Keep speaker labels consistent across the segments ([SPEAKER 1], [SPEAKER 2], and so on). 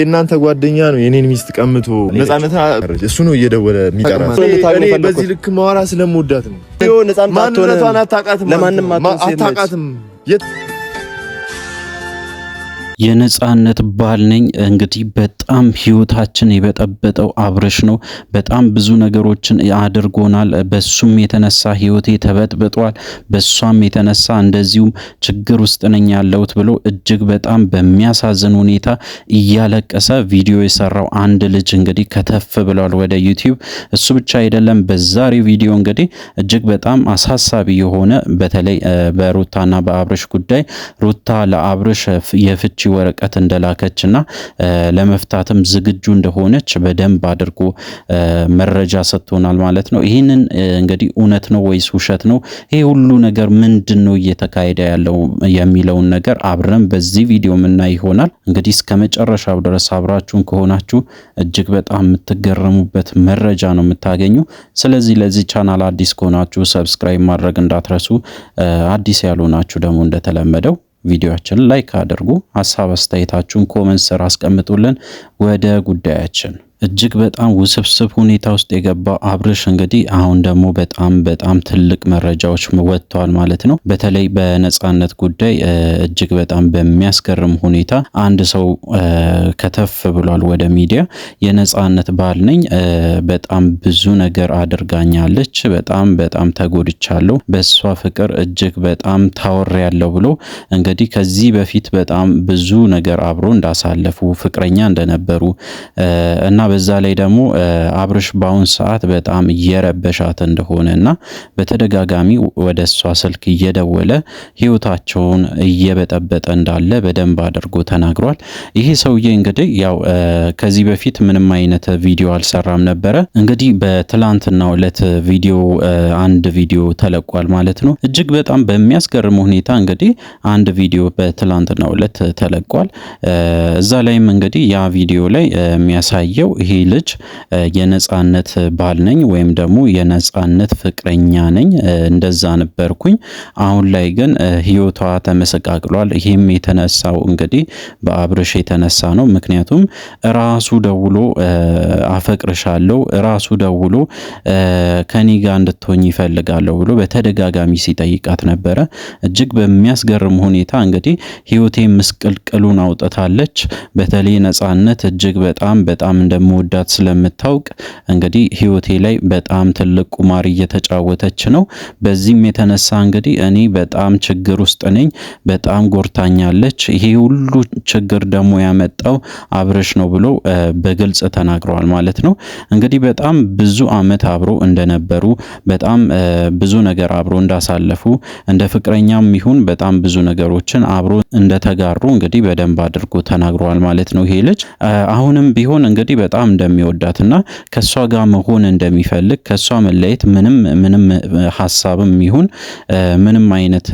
[SPEAKER 1] የእናንተ ጓደኛ ነው የኔን ሚስት ቀምቶ
[SPEAKER 2] ነፃነት
[SPEAKER 1] እሱ ነው እየደወለ የሚጠራ።
[SPEAKER 2] በዚህ ልክ ማውራት ስለምወዳት ነው። ነፃነት ማንነቷን አታውቃትም፣ ለማንም አታውቃትም።
[SPEAKER 1] የነጻነት ባል ነኝ። እንግዲህ በጣም ህይወታችን የበጠበጠው አብርሽ ነው። በጣም ብዙ ነገሮችን አድርጎናል። በሱም የተነሳ ህይወቴ ተበጥብጧል፣ በሷም የተነሳ እንደዚሁም ችግር ውስጥ ነኝ ያለሁት ብሎ እጅግ በጣም በሚያሳዝን ሁኔታ እያለቀሰ ቪዲዮ የሰራው አንድ ልጅ እንግዲህ ከተፍ ብሏል ወደ ዩቲዩብ። እሱ ብቻ አይደለም። በዛሬው ቪዲዮ እንግዲህ እጅግ በጣም አሳሳቢ የሆነ በተለይ በሩታና በአብርሽ ጉዳይ ሩታ ለአብርሽ የፍቺ ወረቀት እንደላከችና ለመፍታትም ዝግጁ እንደሆነች በደንብ አድርጎ መረጃ ሰጥቶናል ማለት ነው። ይህንን እንግዲህ እውነት ነው ወይስ ውሸት ነው? ይሄ ሁሉ ነገር ምንድን ነው እየተካሄደ ያለው የሚለውን ነገር አብረን በዚህ ቪዲዮ ምናይ ይሆናል። እንግዲህ እስከ መጨረሻው ድረስ አብራችሁን ከሆናችሁ እጅግ በጣም የምትገረሙበት መረጃ ነው የምታገኙ። ስለዚህ ለዚህ ቻናል አዲስ ከሆናችሁ ሰብስክራይብ ማድረግ እንዳትረሱ። አዲስ ያልሆናችሁ ደግሞ እንደተለመደው ቪዲዮአችን ላይክ አድርጉ፣ ሀሳብ አስተያየታችሁን ኮመንት ስር አስቀምጡልን። ወደ ጉዳያችን እጅግ በጣም ውስብስብ ሁኔታ ውስጥ የገባ አብርሽ እንግዲህ አሁን ደግሞ በጣም በጣም ትልቅ መረጃዎች ወጥተዋል ማለት ነው። በተለይ በነጻነት ጉዳይ እጅግ በጣም በሚያስገርም ሁኔታ አንድ ሰው ከተፍ ብሏል ወደ ሚዲያ። የነጻነት ባል ነኝ፣ በጣም ብዙ ነገር አድርጋኛለች፣ በጣም በጣም ተጎድቻለሁ፣ በእሷ ፍቅር እጅግ በጣም ታወሬያለሁ ብሎ እንግዲህ ከዚህ በፊት በጣም ብዙ ነገር አብሮ እንዳሳለፉ ፍቅረኛ እንደነበሩ እና በዛ ላይ ደግሞ አብርሽ በአሁን ሰዓት በጣም እየረበሻት እንደሆነ እና በተደጋጋሚ ወደ እሷ ስልክ እየደወለ ህይወታቸውን እየበጠበጠ እንዳለ በደንብ አድርጎ ተናግሯል። ይሄ ሰውዬ እንግዲህ ያው ከዚህ በፊት ምንም አይነት ቪዲዮ አልሰራም ነበረ። እንግዲህ በትላንትናው ዕለት ቪዲዮ አንድ ቪዲዮ ተለቋል ማለት ነው። እጅግ በጣም በሚያስገርም ሁኔታ እንግዲህ አንድ ቪዲዮ በትላንትናው ዕለት ተለቋል። እዛ ላይም እንግዲህ ያ ቪዲዮ ላይ የሚያሳየው ይሄ ልጅ የነጻነት ባል ነኝ ወይም ደግሞ የነጻነት ፍቅረኛ ነኝ እንደዛ ነበርኩኝ። አሁን ላይ ግን ህይወቷ ተመሰቃቅሏል። ይህም የተነሳው እንግዲህ በአብርሽ የተነሳ ነው። ምክንያቱም ራሱ ደውሎ አፈቅርሻለሁ፣ ራሱ ደውሎ ከኔ ጋር እንድትሆኝ ይፈልጋለሁ ብሎ በተደጋጋሚ ሲጠይቃት ነበረ። እጅግ በሚያስገርም ሁኔታ እንግዲህ ህይወቴ ምስቅልቅሉን አውጥታለች። በተለይ ነጻነት እጅግ በጣም በጣም እንደ እንደምወዳት ስለምታውቅ እንግዲህ ህይወቴ ላይ በጣም ትልቅ ቁማር እየተጫወተች ነው። በዚህም የተነሳ እንግዲህ እኔ በጣም ችግር ውስጥ ነኝ። በጣም ጎርታኛለች። ይሄ ሁሉ ችግር ደግሞ ያመጣው አብረሽ ነው ብሎ በግልጽ ተናግረዋል ማለት ነው። እንግዲህ በጣም ብዙ አመት አብሮ እንደነበሩ በጣም ብዙ ነገር አብሮ እንዳሳለፉ እንደ ፍቅረኛም ይሁን በጣም ብዙ ነገሮችን አብሮ እንደተጋሩ እንግዲህ በደንብ አድርጎ ተናግረዋል ማለት ነው። ይሄ ልጅ አሁንም ቢሆን እንግዲህ በጣም በጣም እንደሚወዳትና ከእሷ ጋር መሆን እንደሚፈልግ ከእሷ መለየት ምንም ምንም ሀሳብም ይሁን ምንም አይነት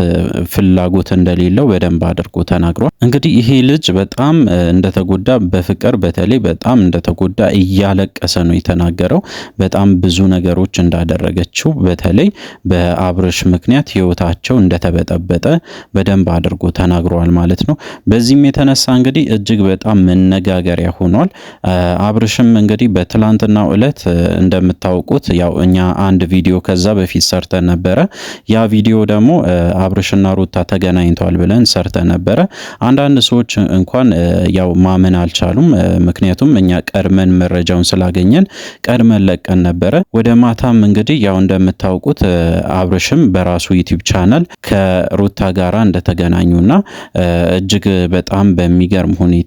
[SPEAKER 1] ፍላጎት እንደሌለው በደንብ አድርጎ ተናግሯል። እንግዲህ ይሄ ልጅ በጣም እንደተጎዳ በፍቅር በተለይ በጣም እንደተጎዳ እያለቀሰ ነው የተናገረው። በጣም ብዙ ነገሮች እንዳደረገችው በተለይ በአብርሽ ምክንያት ህይወታቸው እንደተበጠበጠ በደንብ አድርጎ ተናግሯል ማለት ነው። በዚህም የተነሳ እንግዲህ እጅግ በጣም መነጋገሪያ ሆኗል። አብርሽ በመጨረሻም እንግዲህ በትላንትናው እለት እንደምታውቁት ያው እኛ አንድ ቪዲዮ ከዛ በፊት ሰርተን ነበረ። ያ ቪዲዮ ደግሞ አብርሽና ሩታ ተገናኝተዋል ብለን ሰርተን ነበረ። አንዳንድ ሰዎች እንኳን ያው ማመን አልቻሉም። ምክንያቱም እኛ ቀድመን መረጃውን ስላገኘን ቀድመን ለቀን ነበረ። ወደ ማታም እንግዲህ ያው እንደምታውቁት አብርሽም በራሱ ዩቲዩብ ቻናል ከሩታ ጋራ እንደተገናኙና እጅግ በጣም በሚገርም ሁኔታ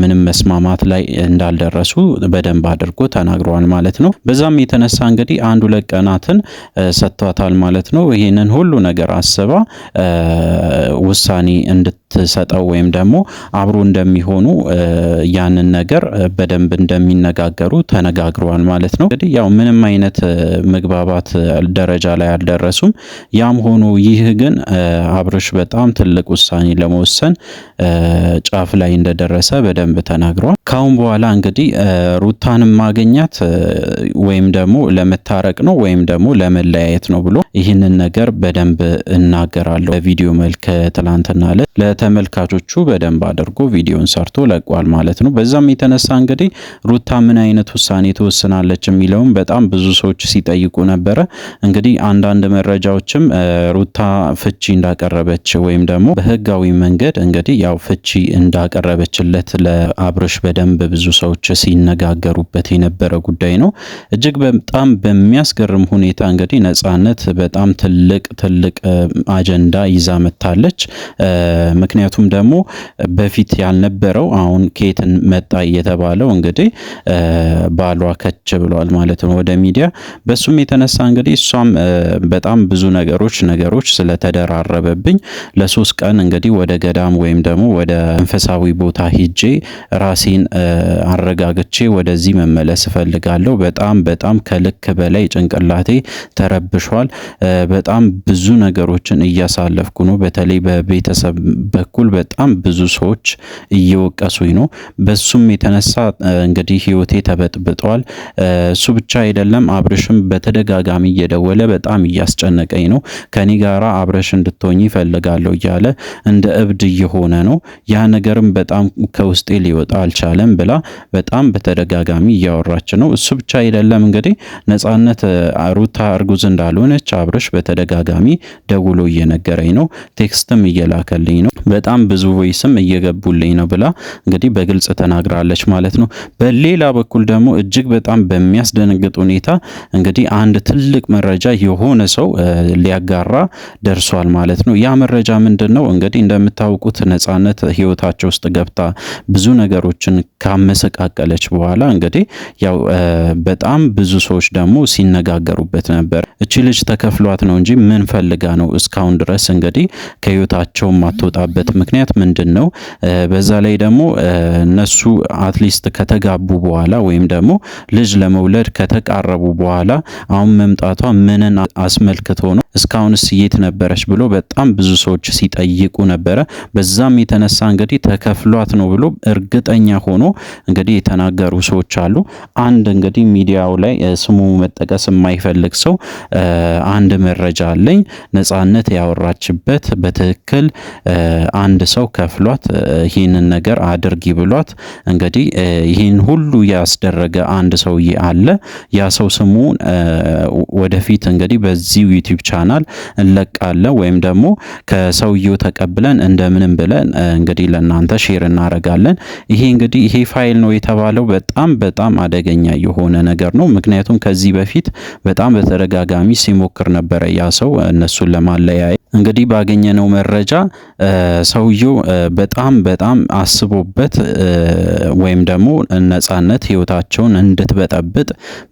[SPEAKER 1] ምንም መስማማት ላይ እንዳልደረሱ በደንብ አድርጎ ተናግረዋል ማለት ነው። በዛም የተነሳ እንግዲህ አንድ ሁለት ቀናትን ሰጥቷታል ማለት ነው። ይህንን ሁሉ ነገር አስባ ውሳኔ እንድት እንደምትሰጠው ወይም ደግሞ አብሮ እንደሚሆኑ ያንን ነገር በደንብ እንደሚነጋገሩ ተነጋግረዋል ማለት ነው። እንግዲህ ያው ምንም አይነት መግባባት ደረጃ ላይ አልደረሱም። ያም ሆኖ ይህ ግን አብርሽ በጣም ትልቅ ውሳኔ ለመወሰን ጫፍ ላይ እንደደረሰ በደንብ ተናግረዋል። ካሁን በኋላ እንግዲህ ሩታንም ማግኛት ወይም ደግሞ ለመታረቅ ነው ወይም ደግሞ ለመለያየት ነው ብሎ ይህንን ነገር በደንብ እናገራለሁ በቪዲዮ መልክ ትላንትና ለ ለተመልካቾቹ በደንብ አድርጎ ቪዲዮን ሰርቶ ለቋል ማለት ነው። በዛም የተነሳ እንግዲህ ሩታ ምን አይነት ውሳኔ ትወስናለች የሚለውም በጣም ብዙ ሰዎች ሲጠይቁ ነበረ። እንግዲህ አንዳንድ መረጃዎችም ሩታ ፍቺ እንዳቀረበች ወይም ደግሞ በህጋዊ መንገድ እንግዲህ ያው ፍቺ እንዳቀረበችለት ለአብርሽ በደንብ ብዙ ሰዎች ሲነጋገሩበት የነበረ ጉዳይ ነው። እጅግ በጣም በሚያስገርም ሁኔታ እንግዲህ ነጻነት በጣም ትልቅ ትልቅ አጀንዳ ይዛ መታለች። ምክንያቱም ደግሞ በፊት ያልነበረው አሁን ኬትን መጣ እየተባለው እንግዲህ ባሏ ከች ብሏል ማለት ነው ወደ ሚዲያ። በሱም የተነሳ እንግዲህ እሷም በጣም ብዙ ነገሮች ነገሮች ስለተደራረበብኝ ለሶስት ቀን እንግዲህ ወደ ገዳም ወይም ደግሞ ወደ መንፈሳዊ ቦታ ሂጄ ራሴን አረጋግቼ ወደዚህ መመለስ እፈልጋለሁ። በጣም በጣም ከልክ በላይ ጭንቅላቴ ተረብሿል። በጣም ብዙ ነገሮችን እያሳለፍኩ ነው። በተለይ በቤተሰብ በኩል በጣም ብዙ ሰዎች እየወቀሱኝ ነው። በሱም የተነሳ እንግዲህ ህይወቴ ተበጥብጠዋል። እሱ ብቻ አይደለም፣ አብርሽም በተደጋጋሚ እየደወለ በጣም እያስጨነቀኝ ነው። ከኔ ጋራ አብረሽ እንድትሆኝ ይፈልጋለሁ እያለ እንደ እብድ እየሆነ ነው። ያ ነገርም በጣም ከውስጤ ሊወጣ አልቻለም ብላ በጣም በተደጋጋሚ እያወራች ነው። እሱ ብቻ አይደለም እንግዲህ ነጻነት ሩታ እርጉዝ እንዳልሆነች አብርሽ በተደጋጋሚ ደውሎ እየነገረኝ ነው። ቴክስትም እየላከልኝ ነው። በጣም ብዙ ቮይስም እየገቡልኝ ነው ብላ እንግዲህ በግልጽ ተናግራለች ማለት ነው። በሌላ በኩል ደግሞ እጅግ በጣም በሚያስደነግጥ ሁኔታ እንግዲህ አንድ ትልቅ መረጃ የሆነ ሰው ሊያጋራ ደርሷል ማለት ነው። ያ መረጃ ምንድን ነው? እንግዲህ እንደምታውቁት ነጻነት ህይወታቸው ውስጥ ገብታ ብዙ ነገሮችን ካመሰቃቀለች በኋላ እንግዲህ ያው በጣም ብዙ ሰዎች ደግሞ ሲነጋገሩበት ነበር። እቺ ልጅ ተከፍሏት ነው እንጂ ምን ፈልጋ ነው እስካሁን ድረስ እንግዲህ ከህይወታቸው ማትወጣ የሆነበት ምክንያት ምንድን ነው? በዛ ላይ ደግሞ እነሱ አትሊስት ከተጋቡ በኋላ ወይም ደግሞ ልጅ ለመውለድ ከተቃረቡ በኋላ አሁን መምጣቷ ምንን አስመልክቶ ነው? እስካሁንስ የት ነበረች ብሎ በጣም ብዙ ሰዎች ሲጠይቁ ነበረ። በዛም የተነሳ እንግዲህ ተከፍሏት ነው ብሎ እርግጠኛ ሆኖ እንግዲህ የተናገሩ ሰዎች አሉ። አንድ እንግዲህ ሚዲያው ላይ ስሙ መጠቀስ የማይፈልግ ሰው አንድ መረጃ አለኝ ነጻነት ያወራችበት በትክክል አንድ ሰው ከፍሏት ይህንን ነገር አድርጊ ብሏት እንግዲህ ይህን ሁሉ ያስደረገ አንድ ሰውዬ አለ። ያ ሰው ስሙ ወደፊት እንግዲህ በዚሁ ዩቲዩብ ቻናል እንለቃለን ወይም ደግሞ ከሰውየው ተቀብለን እንደምንም ብለን እንግዲህ ለእናንተ ሼር እናደርጋለን። ይሄ እንግዲህ ይሄ ፋይል ነው የተባለው በጣም በጣም አደገኛ የሆነ ነገር ነው። ምክንያቱም ከዚህ በፊት በጣም በተደጋጋሚ ሲሞክር ነበረ ያ ሰው እነሱን ለማለያየት እንግዲህ ባገኘነው መረጃ ሰውየው በጣም በጣም አስቦበት ወይም ደግሞ ነጻነት ህይወታቸውን እንድትበጠብጥ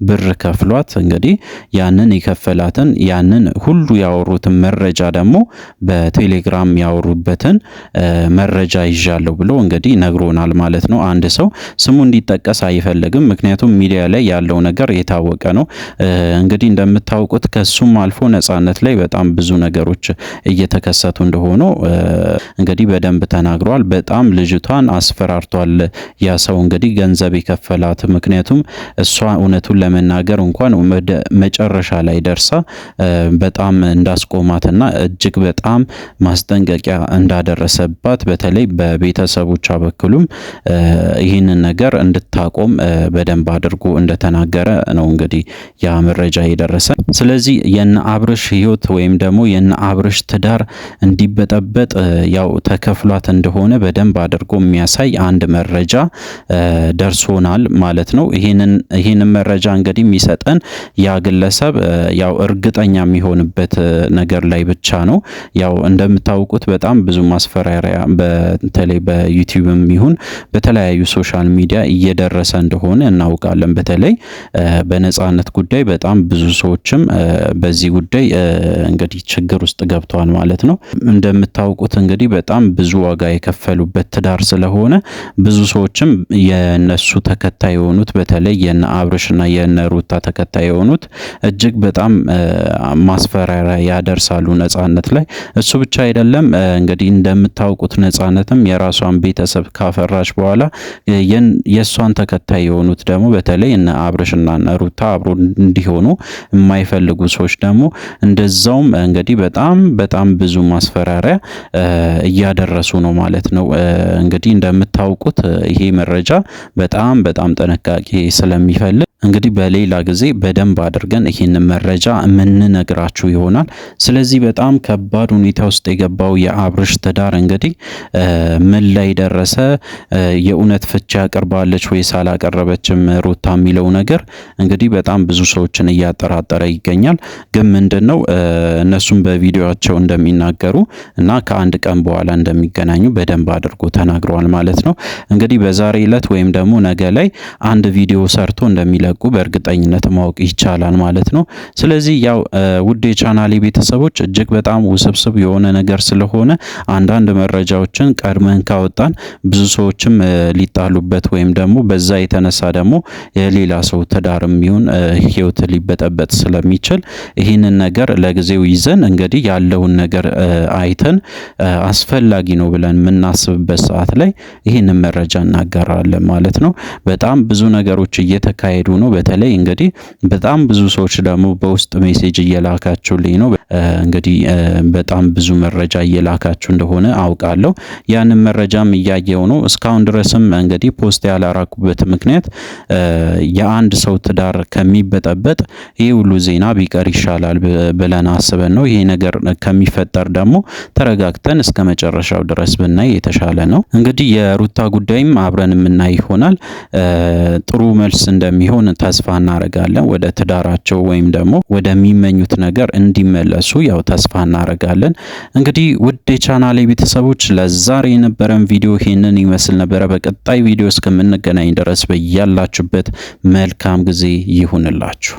[SPEAKER 1] ብር ከፍሏት እንግዲህ ያንን የከፈላትን ያንን ሁሉ ያወሩትን መረጃ ደግሞ በቴሌግራም ያወሩበትን መረጃ ይዣለሁ ብሎ እንግዲህ ነግሮናል ማለት ነው። አንድ ሰው ስሙ እንዲጠቀስ አይፈልግም። ምክንያቱም ሚዲያ ላይ ያለው ነገር የታወቀ ነው። እንግዲህ እንደምታውቁት ከሱም አልፎ ነጻነት ላይ በጣም ብዙ ነገሮች እየተከሰቱ እንደሆኑ እንግዲህ በደንብ ተናግሯል። በጣም ልጅቷን አስፈራርቷል። ያ ሰው እንግዲህ ገንዘብ የከፈላት ምክንያቱም እሷ እውነቱን ለመናገር እንኳን መጨረሻ ላይ ደርሳ በጣም እንዳስቆማትና እጅግ በጣም ማስጠንቀቂያ እንዳደረሰባት በተለይ በቤተሰቦቿ በኩልም ይህንን ነገር እንድታቆም በደንብ አድርጎ እንደተናገረ ነው እንግዲህ ያ መረጃ የደረሰ። ስለዚህ የነ አብርሽ ህይወት ወይም ደግሞ የነ አብርሽ የአበባሽ ትዳር እንዲበጠበጥ ያው ተከፍሏት እንደሆነ በደንብ አድርጎ የሚያሳይ አንድ መረጃ ደርሶናል ማለት ነው። ይህንን መረጃ እንግዲህ የሚሰጠን ያ ግለሰብ ያው እርግጠኛ የሚሆንበት ነገር ላይ ብቻ ነው። ያው እንደምታውቁት በጣም ብዙ ማስፈራሪያ በተለይ በዩቲዩብም ይሁን በተለያዩ ሶሻል ሚዲያ እየደረሰ እንደሆነ እናውቃለን። በተለይ በነጻነት ጉዳይ በጣም ብዙ ሰዎችም በዚህ ጉዳይ እንግዲህ ችግር ውስጥ ገብ ገብተዋል ማለት ነው። እንደምታውቁት እንግዲህ በጣም ብዙ ዋጋ የከፈሉበት ትዳር ስለሆነ ብዙ ሰዎችም የነሱ ተከታይ የሆኑት በተለይ የነ አብርሽ የነ ሩታ ተከታይ የሆኑት እጅግ በጣም ማስፈራሪያ ያደርሳሉ ነጻነት ላይ። እሱ ብቻ አይደለም እንግዲህ እንደምታውቁት ነጻነትም የራሷን ቤተሰብ ካፈራች በኋላ የእሷን ተከታይ የሆኑት ደግሞ በተለይ እነ አብርሽ እና እነ ሩታ አብሮ እንዲሆኑ የማይፈልጉ ሰዎች ደግሞ እንደዛውም እንግዲህ በጣም በጣም ብዙ ማስፈራሪያ እያደረሱ ነው ማለት ነው። እንግዲህ እንደምታውቁት ይሄ መረጃ በጣም በጣም ጥንቃቄ ስለሚፈልግ እንግዲህ በሌላ ጊዜ በደንብ አድርገን ይህንን መረጃ የምንነግራችሁ ይሆናል። ስለዚህ በጣም ከባድ ሁኔታ ውስጥ የገባው የአብርሽ ትዳር እንግዲህ ምን ላይ ደረሰ? የእውነት ፍቺ አቅርባለች ወይስ አላቀረበችም ሩታ የሚለው ነገር እንግዲህ በጣም ብዙ ሰዎችን እያጠራጠረ ይገኛል። ግን ምንድን ነው እነሱም በቪዲዮቸው እንደሚናገሩ እና ከአንድ ቀን በኋላ እንደሚገናኙ በደንብ አድርጎ ተናግረዋል ማለት ነው። እንግዲህ በዛሬ ዕለት ወይም ደግሞ ነገ ላይ አንድ ቪዲዮ ሰርቶ እንደሚለ እንደሚለቁ በእርግጠኝነት ማወቅ ይቻላል ማለት ነው። ስለዚህ ያው ውድ የቻናሌ ቤተሰቦች እጅግ በጣም ውስብስብ የሆነ ነገር ስለሆነ አንዳንድ መረጃዎችን ቀድመን ካወጣን ብዙ ሰዎችም ሊጣሉበት ወይም ደግሞ በዛ የተነሳ ደግሞ የሌላ ሰው ትዳር የሚሆን ህይወት ሊበጠበጥ ስለሚችል ይህንን ነገር ለጊዜው ይዘን እንግዲህ ያለውን ነገር አይተን አስፈላጊ ነው ብለን የምናስብበት ሰዓት ላይ ይህንን መረጃ እናጋራለን ማለት ነው። በጣም ብዙ ነገሮች እየተካሄዱ ነው። ነው። በተለይ እንግዲህ በጣም ብዙ ሰዎች ደግሞ በውስጥ ሜሴጅ እየላካችሁልኝ ነው። እንግዲህ በጣም ብዙ መረጃ እየላካችሁ እንደሆነ አውቃለሁ። ያንን መረጃም እያየው ነው። እስካሁን ድረስም እንግዲህ ፖስት ያላራኩበት ምክንያት የአንድ ሰው ትዳር ከሚበጠበጥ ይህ ሁሉ ዜና ቢቀር ይሻላል ብለን አስበን ነው። ይሄ ነገር ከሚፈጠር ደግሞ ተረጋግተን እስከ መጨረሻው ድረስ ብናይ የተሻለ ነው። እንግዲህ የሩታ ጉዳይም አብረን የምናይ ይሆናል። ጥሩ መልስ እንደሚሆን ተስፋ እናደርጋለን። ወደ ትዳራቸው ወይም ደግሞ ወደሚመኙት ነገር እንዲመለሱ እንደሚመለሱ ያው ተስፋ እናደርጋለን። እንግዲህ ውድ የቻናሌ ቤተሰቦች ለዛሬ የነበረን ቪዲዮ ይህንን ይመስል ነበረ። በቀጣይ ቪዲዮ እስከምንገናኝ ድረስ በያላችሁበት መልካም ጊዜ ይሁንላችሁ።